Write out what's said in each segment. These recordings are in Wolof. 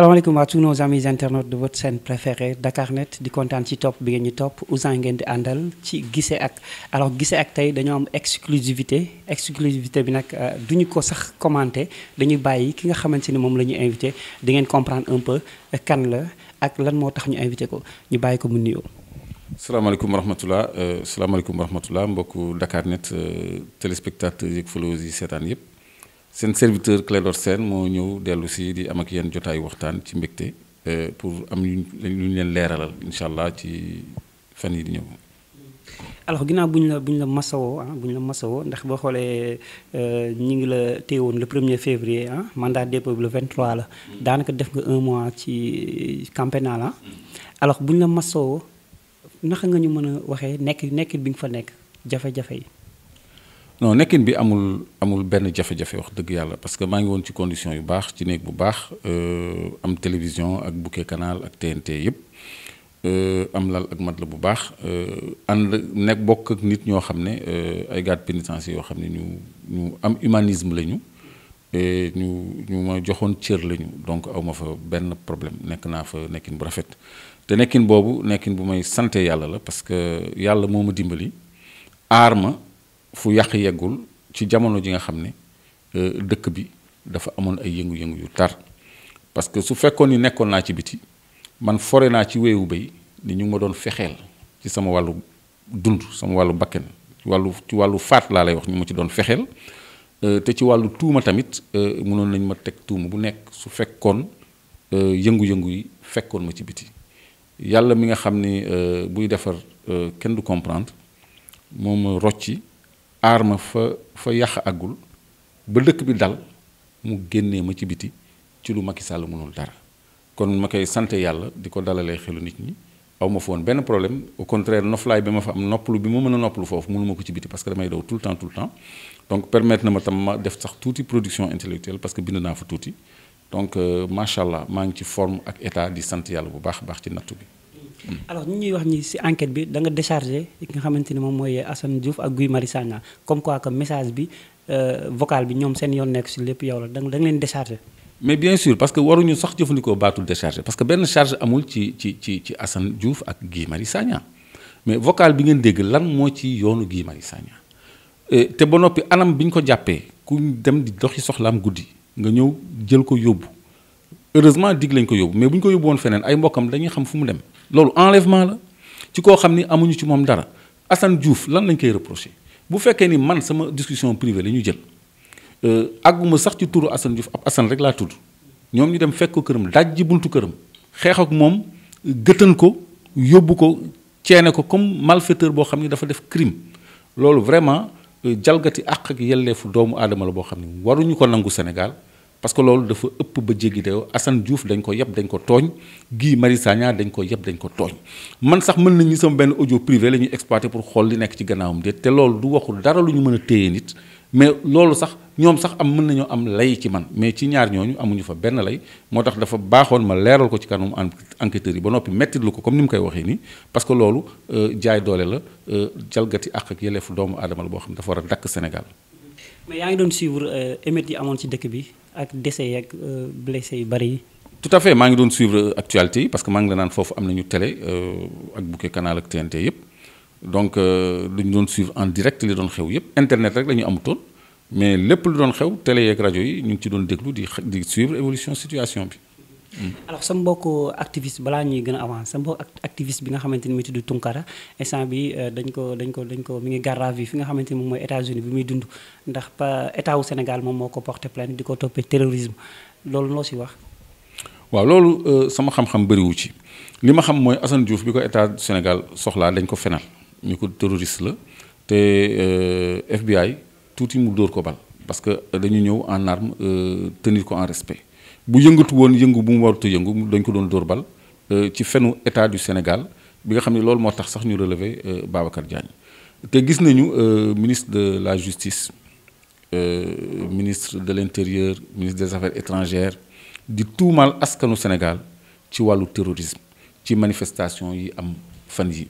salaamaaleykum waa tous nos amis internautes de votre chaîne préférée Dakarnet di kontaan ci topp bi ngeen ñi topp Ouzin ngeen di àndal ci gise ak alors gise ak tey dañoo am exclusivité exclusivité bi nag euh, du ñu ko sax commenté dañuy bàyyi ki nga xamante ni moom la ñu invité di ngeen comprendre um peu euh, kan la ak lan moo tax ñu invité ko ñu bàyyi ko mu nuyoo. salaamaaleykum wa rahmatulah euh, salaamaaleykum wa rahmatulah mbokku Dakarnet téléspectateurs yeeg followers yi seetaan yëpp. seen serviteur Clédor seen moo ñëw dellu si di am ak yéen jotaayu waxtaan ci mbégte euh, pour am ñu ñu leen leeralal incha allah ci fan yi di ñëw. alors ginnaaw bu ñu la bu ñu la masawoo ah bu ñu la masawoo ndax boo xoolee euh, ñi ngi la téyewoon le premier février ah mandat dépôt bi le la. daanaka def nga un mois ci camp pénal ah. alors bu ñu la masawoo naka nga ñu mën a waxee nekk nekkit bi nga fa nekk jafe-jafe yi. non nekkin bi amul amul benn jafe-jafe wax dëgg yàlla parce que maa ngi woon ci condition yu baax ci néeg bu baax euh, am télévision ak bouquet canal ak TNT yëpp euh, am lal ak mat la bu baax euh, ànd nekk bokk ak nit ñoo xam ne ay garde pénitentiaire yoo xam ne ñu ñu am humanisme la ñu ñu ñu ma joxoon cër lañu donc aw ma fa benn problème nekk naa fa nekkin bu rafet te nekkin boobu nekkin bu may sante yàlla la parce que yàlla moo ma dimbali aar ma fu yàq yeggul ci jamono ji nga xam ne euh, dëkk bi dafa amoon ay yëngu-yëngu yu tar parce que su fekkoon ni nekkoon naa ci biti man fore naa ci wéewu bay ni ñu ma doon fexeel ci sama wàllu dund sama wàllu bakken ci wàllu ci wàllu faat laa lay wax ñu ma ci doon fexeel euh, te ci wàllu tuuma tamit euh, mënoon nañ ma teg tuuma bu nekk su fekkoon yëngu-yëngu yi fekkoon ma ci biti yàlla mi nga xam ni buy defar kenn du comprendre moom rocci aar ma fa fa yàq àggul ba dëkk bi dal mu génnee ma ci biti ci lu Macky Sall mënul dara kon ma koy sant yàlla di ko dalalee xelu nit ñi aw ma fa woon benn problème au contraire noflaay bi ma fa am noppalu bi ma mën a noppalu foofu mënu ma ko ci biti parce que damay daw tout le temps tout temps donc permettre na ma tam ma def sax tuuti production intellectuelle parce que bind naa fa tuuti donc euh, macha allah maa ngi ci form ak état di sant yàlla bu baax a baax ci nattu bi. alors ñu ñuy wax ñi ci enquête bi da nga déchargé ki nga xamante ni moom mooy Assane Diouf ak Guy Marius Sagna comme quoi que message bi euh, vocal bi ñoom seen yoon nekk si lépp yow la da nga leen déchargé. mais bien sûr parce waruñu sax jëfandikoo baatul déchargé parce que benn charge amul ci ci ci ci Assane Diouf ak Guy Marius Sagna mais vocal bi ngeen dégg lan moo ci yoonu Guy Marius Sagna euh, te ba noppi anam bi ñu ko jàppee ku dem di doxi soxlaam guddi nga ñëw jël ko yóbbu heureusement digg ko yóbbu mais bu ko yóbbu feneen ay mbokkam dañuy xam fu mu dem. loolu enlèvement la ci koo xam ni amuñu ci moom dara Assane Diouf lan lañ koy reproché bu fekkee ni man sama discussion privée la ñu jël euh, àgguma sax ci turu Assane Diouf ab Assane rek laa tudd ñoom ñu dem fekk ko këram daj ji buntu këram xeex ak moom gëtan ko yóbbu ko ceene ko comme malfaiteur boo xam ni dafa def crime loolu vraiment euh, jalgati àq ak yelleefu doomu aadama la boo xam ni waruñu ko nangu Sénégal. parce que loolu dafa ëpp ba jéggi dayoo Assane Diouf dañ ko yeb dañ ko tooñ Guy Marius Sagna dañ ko yeb dañ ko tooñ man sax mën nañu sama benn audio privé la ñuy exploité pour xool li nekk ci gannaawam déet te loolu du waxul dara lu ñu mën a téye nit mais loolu sax ñoom sax am mën nañoo am lay ci man mais ci ñaar ñooñu amuñu fa benn lay moo tax dafa baaxoon ma leeral ko ci kanamu enquêteurs yi ba noppi mettitlu ko comme ni mu koy waxee nii parce que loolu euh, jaay doole la euh, jalgati àq ak yelleefu doomu aadama boo xam ne dafa war a dakk Sénégal. mais euh, yi amoon ci dëkk bi. ak décès yi ak euh, blessé yu bari yi. tout à fait maa ngi doon suivre actualité yi parce que maa ngi la naan foofu am nañu télé euh, ak bouquet canal ak TNT yëpp donc dañu euh, doon suivre en direct li doon xew yëpp internet rek lañu ñu amutoon mais lépp lu doon xew télé yeeg rajo yi ñu ngi ci doon déglu di di suivre évolution situation bi. alors sa mbokk activiste balaa ñuy gën a avancé sa mbokk activiste bi nga xamante ni mu tudd Tunkara instant bi euh, dañ ko dañ ko dañ ko mi ngi garde à fi nga xamante ni moom mooy États-Unis bi muy dund ndax pa état Sénégal moom moo ko porté plainte di ko toppee terrorisme loolu loo si wax waaw loolu euh, sama xam-xam bëriwu ci li ma xam mooy Assane Diouf bi ko état Sénégal soxlaa dañ ko fenal ñu ko terroriste la te euh, FBI tuuti mu dóor ko bal parce que dañu ñëw en arme tenir ko en respect bu yëngatu woon yëngu bu mu warut a yëngu dañ ko doon dóor bal euh, ci fenu état du Sénégal bi nga xam ne loolu moo tax sax ñu relever euh, Babacar Diagne te gis nañu euh, ministre de la justice ministre de l'intérieur ministre des affaires étrangères di tuumaal askanu Sénégal ci wàllu terrorisme ci manifestation yi am fan yi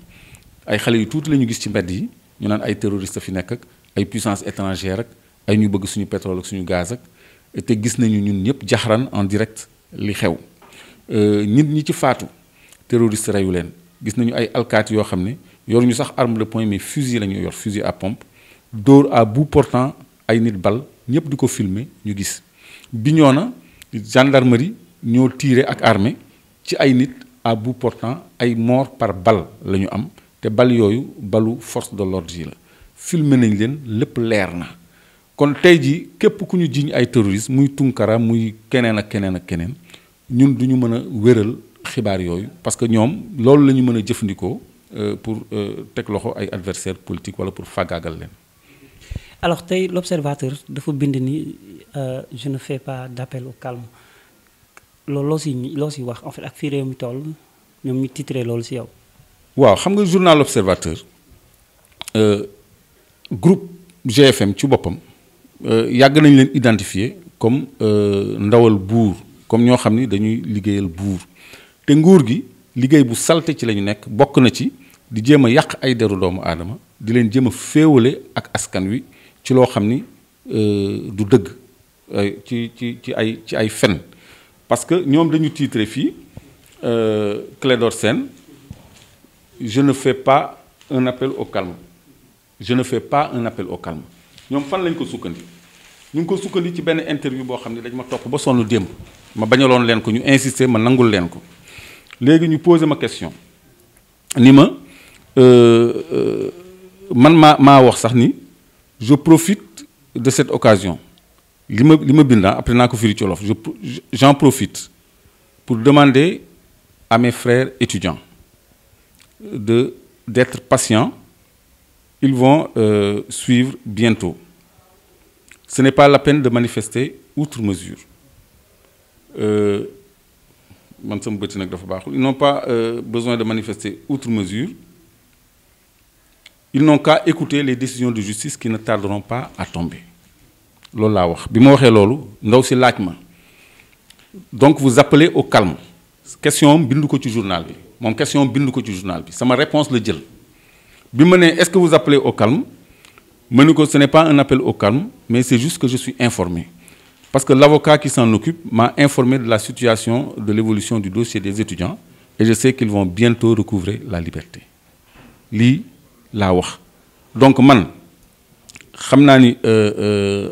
ay xale yu tuuti la ñu gis ci mbedd yi ñu naan ay terroristes fi nekk ak ay puissance étrangères ak ay ñu bëgg suñu pétrole ak suñu gaz ak. te gis nañu ñun ñëpp jaxaran en direct li xew euh, nit ñi ci faatu terroriste reyu leen gis nañu ay alkaati yoo xam ne yoruñu sax arme de poing mais fusil la ñu yor fusil à pompe door à bout portant ay nit bal ñëpp di ko filmer ñu gis Bignona gendarmerie ñoo tiire ak armée ci ay nit à bout portant ay mort par bal la ñu am te bal yooyu balu force de l'ordre yi la filmer nañ leen lépp leer na kon tey ji képp ku ñu jiñ ay terroriste muy tunkara muy keneen ak keneen ak keneen ñun du ñu mën a wéral xibaar yooyu parce que ñoom loolu la ñu mën a jëfandikoo euh, pour euh, teg loxo ay adversaire politique wala pour fàggaagal leen alors tey l'observateur dafa bind ni euh, je ne fais pas d'appel au loolu si loo si wax en fait ak fii réew mi toll ñoom ñu titré loolu si yow waaw xam nga journal observateur groupe GFM ci boppam Euh, yàgg nañ leen identifier comme euh, ndawal buur comme ñoo xam ni dañuy liggéeyal buur te nguur gi liggéey bu salte ci la ñu nekk bokk na ci di jéem a yàq ay deru doomu aadama di leen jéem a féewale ak askan wi ci loo xam ni euh, du dëgg ci ci ci ay ci ay fen parce que ñoom dañu tiitre fii Clédor Sène je ne fais pas un appel au calme je ne fais pas un appel au calme ñoom fan lañ ko sukkandi ñu ngi ko sukkandi ci benn interview boo xam ne dañ ma topp ba sonn démb ma bañaloon leen ko ñu insister ma nangul leen ko léegi ñu posé ma question ni ma euh, euh, man maa maa wax sax ni je profite de cette occasion li ma li ma bindaa ah, après naa ko firi ci wolof je profite pour demander à mes frères étudiants de d'être patient ils vont euh, suivre bientôt. Ce n'est pas la peine de manifester outre mesure. Euh, ils n'ont pas euh, besoin de manifester outre mesure. Ils n'ont qu'à écouter les décisions de justice qui ne tarderont pas à tomber. Donc vous appelez au calme. Question bindu ko ci journal bi. Mom question bindu ko ci journal bi. Sama réponse la jël. bi ma ne est-ce que vous appelez au calme ma ne ko ce n'est pas un appel au calme mais c'est juste que je suis informé parce que l'avocat qui s'en occupe m'a informé de la situation de l'évolution du dossier des étudiants et je sais qu'ils vont bientôt recouvrer la liberté lii laa wax donc man xam naa ni euh, euh,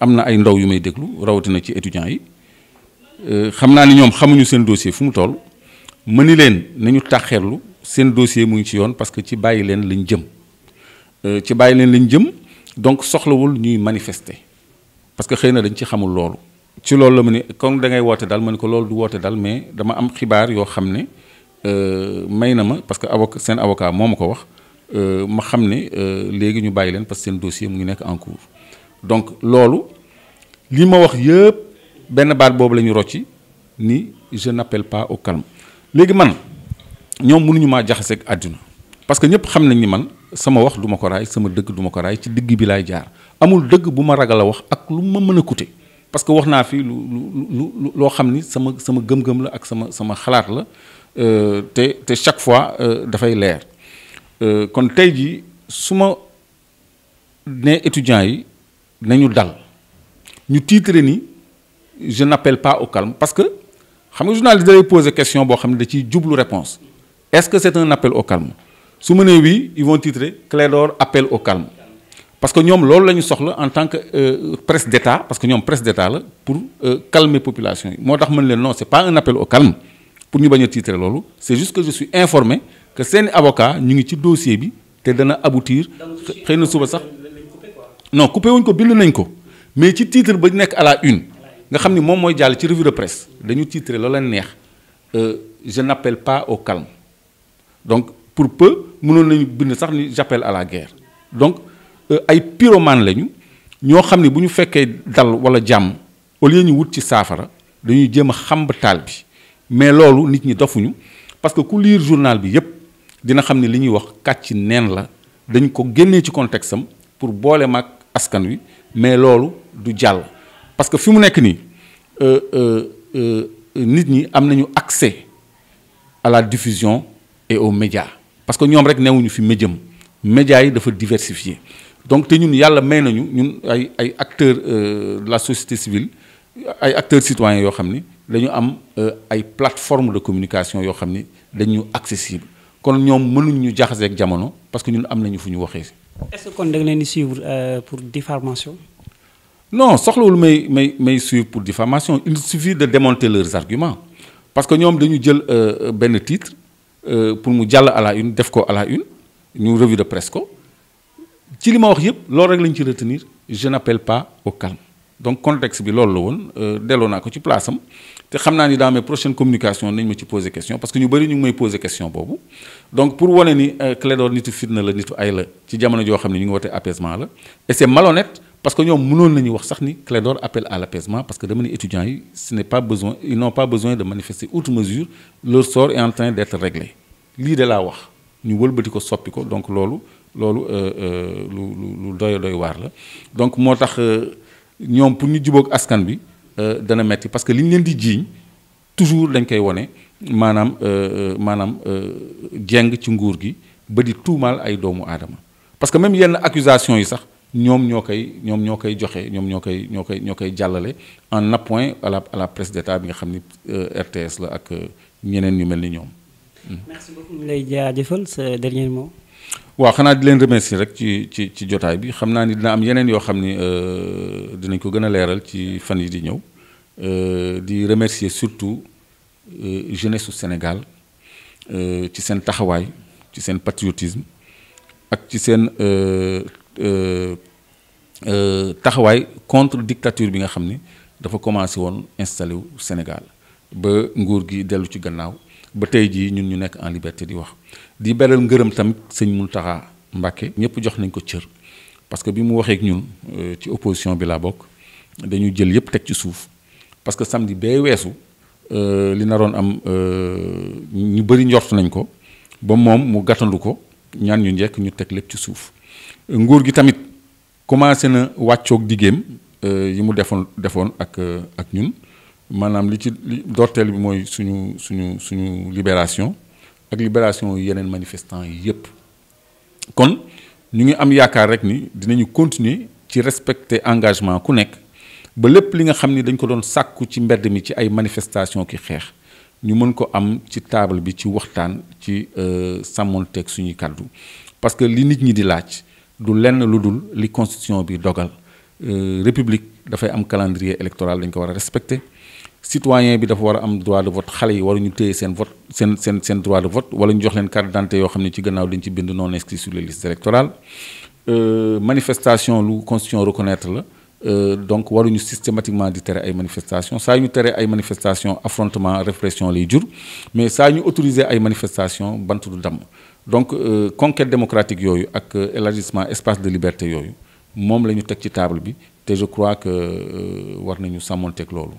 am na ay ndaw yu may déglu rawatina ci étudiants yi euh, xam naa ni ñoom xamuñu seen dossier fu mu toll ma ni leen nañu tàxeerlu seen dossier mu ngi ci yoon parce que ci bàyyi leen lañ jëm euh, ci bàyyi leen lañ jëm donc soxlawul ñuy manifester parce que xëy na dañ ci xamul loolu. ci loolu la ma ni comme da ngay woote daal ma ko loolu du woote dal mais dama am xibaar yoo xam ne euh, may na ma parce que avocat seen avocat moo ma ko wax euh, ma xam ne léegi ñu bàyyi leen parce que seen dossier mu ngi nekk en cours donc loolu li ma wax yëpp benn baat boobu la ñu rocci ni je n'appelle pas au calme léegi man. ñoom mënuñu maa jaxaseeg àdduna parce que ñëpp xam nañ ni man sama wax duma ko raay sama dëgg duma ko raay ci digg bi laay jaar amul dëgg bu ma ragal a wax ak lu ma mën a coûter parce que wax naa fi lu lu loo xam ni sama sama gëm la ak sama sama xalaat la euh, te te chaque fois euh, dafay leer euh, kon tey jii su ma ne étudiants yi nañu dal ñu titre ni je n'appelle pas au calme que xam nga journaliste da lay poser question boo xam ne da ciy jublu réponse est-ce que c'est un appel au calme su ma nee oui ils vont titrer Clédor appel au calme parce que ñoom loolu la ñu soxla en tant que euh, presse d'État parce que ñoom presse d'État la pour euh, calmer population yi moo tax mën leen non c'est pas un appel au calme pour ñu bañ a loolu c'est juste que je suis informé que seeni avocat ñu ngi ci dossier bi te dana aboutir xëy na suba sax non coupé wuñ ko bind nañ ko mais ci titre ba nekk à la une nga xam ni moom mooy jàll ci revue de presse dañu titrer loola neex euh, je n'appelle pas au calme donc pour peu mënoon nañu bind sax ni j'appelle à la guerre donc euh, ay pyromane lañu ñoo xam ne bu ñu fekkee dal wala jàmm au lieu ñu wut ci saafara dañuy jéem a xamb bi mais loolu nit ñi dofuñu parce que ku lire journal bi yépp dina xam ne li ñuy wax kàcc neen la dañ ko génnee ci contexte pour boole mag askan wi mais loolu du jàll parce que fi mu nekk nii euh, euh, nit ñi am nañu accès à la diffusion et aux médias parce que ñoom rek newuñu fi médium médias yi dafa diversifié donc te ñun yàlla may nañu ñun ay ay acteurs euh, de la société civile ay acteurs citoyens yoo xam ni dañu am euh, ay plateformes de communication yoo xam ni dañu accessible kon ñoom mënuñ ñu jaxasee ak jamono parce que ñun am nañu fu ñu waxee si. est kon da nga leen di suivre euh, pour diffamation. non soxlawul may may may suivre pour diffamation il suffit de démonter leurs arguments parce que ñoom dañu jël benn titre. Euh, pour mu jàll à la une def ko à une ñu revue de presse ko ci li ma wax yëpp loolu rek lañ ci retenir je n'appelle pas au calme donc contexte bi loolu la woon euh, delloo naa ko ci place am te xam naa ni dans mes prochaines nañ ma ci poser question parce que ñu bëri ñu ngi may poser question boobu donc pour wane ni euh, Clédor nitu fitna la nitu ay la ci jamono joo xam ne ñu ngi woote apaisement la et c'est malhonnête parce que ñoom mënoon nañu wax sax ni Clédor appelle à l'apaisement parce que dama ni étudiants yi ce n'est pas besoin ils n'ont pas besoin de manifester outre mesure leur sort est en d'être réglé lii de laa wax ñu wëlbati ko soppi ko donc loolu loolu euh, euh, lu lu lu doy doy waar la donc moo tax euh, ñoom pour ñu jiboog askan bi dana metti parce que li ñu leen di jiiñ toujours dañ koy wone maanaam maanaam jeng ci nguur gi ba di tuumaal ay doomu aadama parce que même yenn accusation yi sax ñoom ñoo koy ñoom ñoo koy joxe ñoom ñoo koy ñoo koy ñoo koy jàllale en appoint à la à la presse bi nga xam ni euh, RTS la ak euh, ñeneen ñu mel ni ñoom. Hmm. merci beaucoup ñu lay jaajëfal waaw xanaa di leen remercier rek ci ci ci jotaay bi xam naa ni dina am yeneen yoo xam ni euh, dinañ ko gën a leeral ci fan yi di ñëw di remercier surtout jeunesse su Sénégal ci seen taxawaay ci seen patriotisme ak ci seen. Euh, euh, taxawaay contre dictature bi nga xam ni dafa commencé woon installé wu Sénégal ba nguur gi dellu ci gannaaw ba tey jii ñun ñu nekk en liberté di wax di beral ngërëm tamit sëñ Mountakha Mbacké ñëpp jox nañ ko cër parce que bi mu waxee ak ñun euh, ci opposition bi laa bokk dañu jël yëpp teg ci suuf parce que samedi bee weesu li naroon am ñu bëri njort nañ ko ba moom mu gàttandu ko ñaan ñu njekk ñu teg lépp ci suuf nguur gi tamit commencé na wàccoog diggéem euh, yi mu defoon defoon ak euh, ak ñun maanaam li ci li dorteel bi mooy suñu suñu suñu libération ak libération yeneen manifestant yi yépp kon ñu ngi am yaakaar rek ni dinañu continuer ci respecter engagement ku nekk ba lépp li nga xam ni dañ ko doon sàkku ci mbedd mi ci ay manifestation ki xeex ñu mën ko am ci table bi ci waxtaan ci euh, teg suñuy kàddu parce que li nit ñi di laaj du lenn lu dul li constitution bi dogal euh, république dafay am calendrier électoral dañ ko war a respecter citoyen bi dafa war a am droit de vote xale yi waruñu téye seen vote seen seen seen droit de vote wala ñu jox leen carte d'identité yoo xam ne ci gannaaw dañ ci bind non inscrit sur les listes électorales euh, manifestation lu constitution reconnaître la euh, donc waruñu systématiquement di tere ay manifestation saa ñu tere ay manifestation affrontement répression lay jur mais saa ñu autoriser ay manifestation bant du damm donc euh, conquête démocratique yooyu ak euh, élargissement espace de liberté yooyu moom la ñu teg ci table bi te je crois que euh, war nañu teg loolu.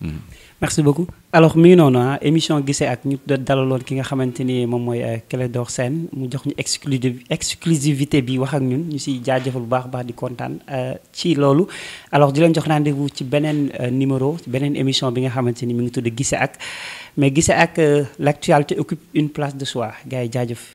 Hmm. merci beaucoup alors mi ngi noonu ah émission gisee ak ñu dalaloon ki nga xamante ni moom mooy euh, Clédor seen mu jox ñu exclu exclusivité bi wax ak ñun ñu siy jaajëfal bu baax baax di kontaan euh, ci loolu. alors di leen jox rendez-vous ci beneen euh, numéro beneen émission bi nga xamante ni mi ngi tudd gisee ak mais gisee ak l'actualité occupe une place de choix gars yi jaajëf.